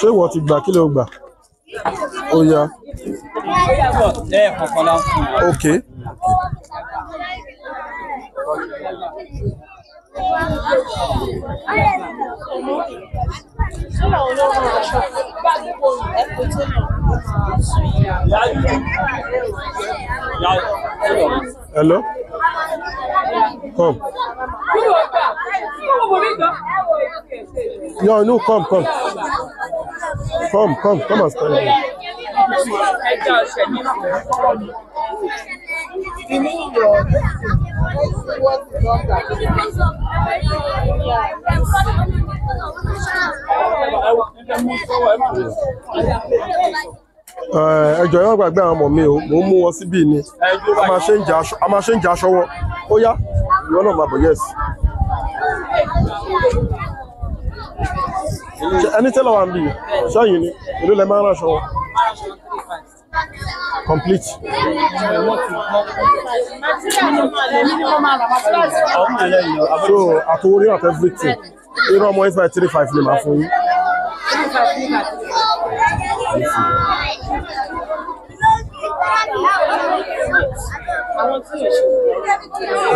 ṣé ìwọ ti gbà kí ló gbà ó yá. ok. Hello come. No, no, come, come. Come, come, come and stand here. Eh, ẹ jọ̀ọ́ yóò gbàgbé àwọn ọmọ mi o mò ń mú wọn síbí ni a máa ṣe ń jà aṣọ wọn ó yá ìwọ náà máa bọ̀ yes. Any tẹ́lọ̀ wà ń bì you. ni èló lẹ máa ń ránṣọ wọn. complete. so àtòwò ní àtẹ̀fìtì irú ọmọ eight five three five ni màá fún yín. àwọn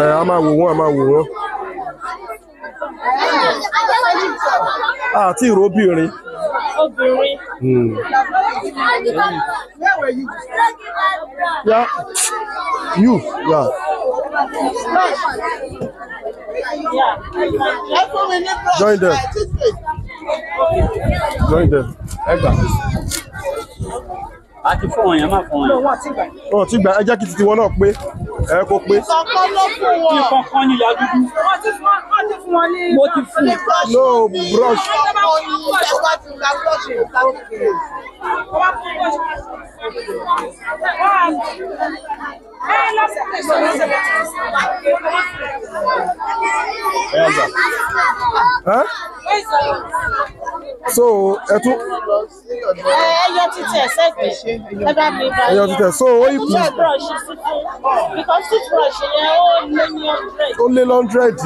ẹ a máa wò wọn a máa wò wọn. àti ìró ya you ya. join them join them. Egba a ti fún ọyàn má fún ọyàn. wọn ti gbà. wọn ti gbà ẹ jẹ́ kí titi wọn náà pé ẹ kó pé. ìkọ̀kan ló fún wọn. ìkọ̀kan ni ìyá dúdú. wọ́n ti fún wọ́n ti fún wọn ní. mo ti fún no brush. So, ẹ tún ẹyọ títẹ sẹgbẹ ẹ bá mi bá ẹyọ títẹ so ó ikú toothbrush tuntun because toothbrush yẹn ó lé ní hundred. ó lé hundred.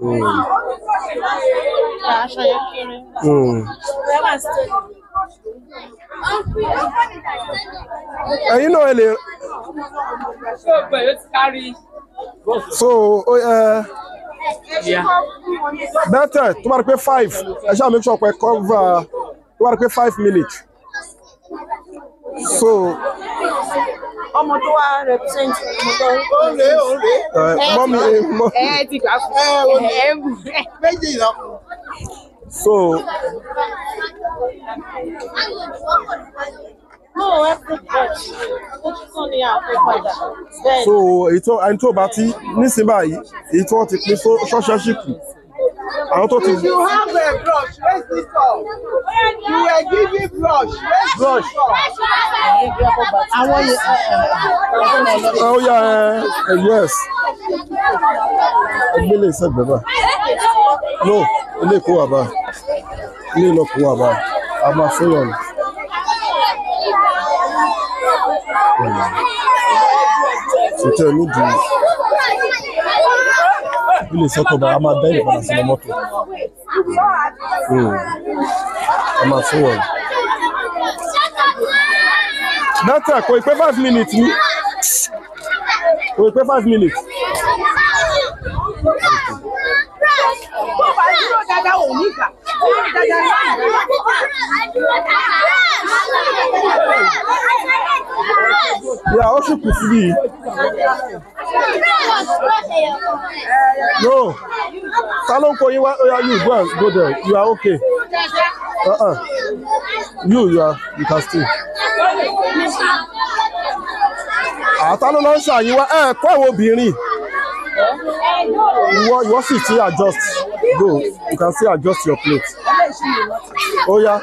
Mm. Mm ẹ̀yin náà ẹ lè. so ẹ oh, uh, bẹ́tẹ̀ tó bá rí pé five ẹ ṣáà make sure pé cover tó bá rí pé five minutes so. ọmọ tó wá represent ọmọ tó ń bọ̀ ọ́ mọ́ mi mọ́. ẹ ti gbà fún ẹ ẹ méjì lọ. so. No, ẹ kú bọ́ọ̀tì, ni àpò padà. So èyí tó ẹni tó bá ti nísìnyí báyìí, èyí ti pín ṣọ́ṣẹ́ṣìpù àwọn tó ti. you have a brush raise this up you were given brush raise brush. àwọn yìí ẹ ẹ. ó oh, yà ẹ ẹ yes ẹgbẹ́ lè sẹ́gbẹ̀ẹ́ bá no ilé ìkó wà bá ilé ìlọ́kùn wà bá ama fúnyàn. Sọtẹ́ ẹ̀ nídìí ilé sọ́kọ̀ bá a máa bẹ́ ìpadà sínú mọ́tò. Ama hmm. fúnyàn. Nata kò ì five minutes ni. Kò ì five minutes. Bó o bá dúró ò ní gbà. Ó ní dáadáa ní àná. Yeah, I also Kufri. No. Talon for you, where are you? Go, on, go there. You are okay. Uh -uh. You, you are. You can stay. Àtàlọ́ ah, ló ń ṣàyìn wá ẹ̀ eh, kọ́ àwọn obìnrin. Ìwọ ìwọ sì ti adjust go. You can see adjust your plate ó yá.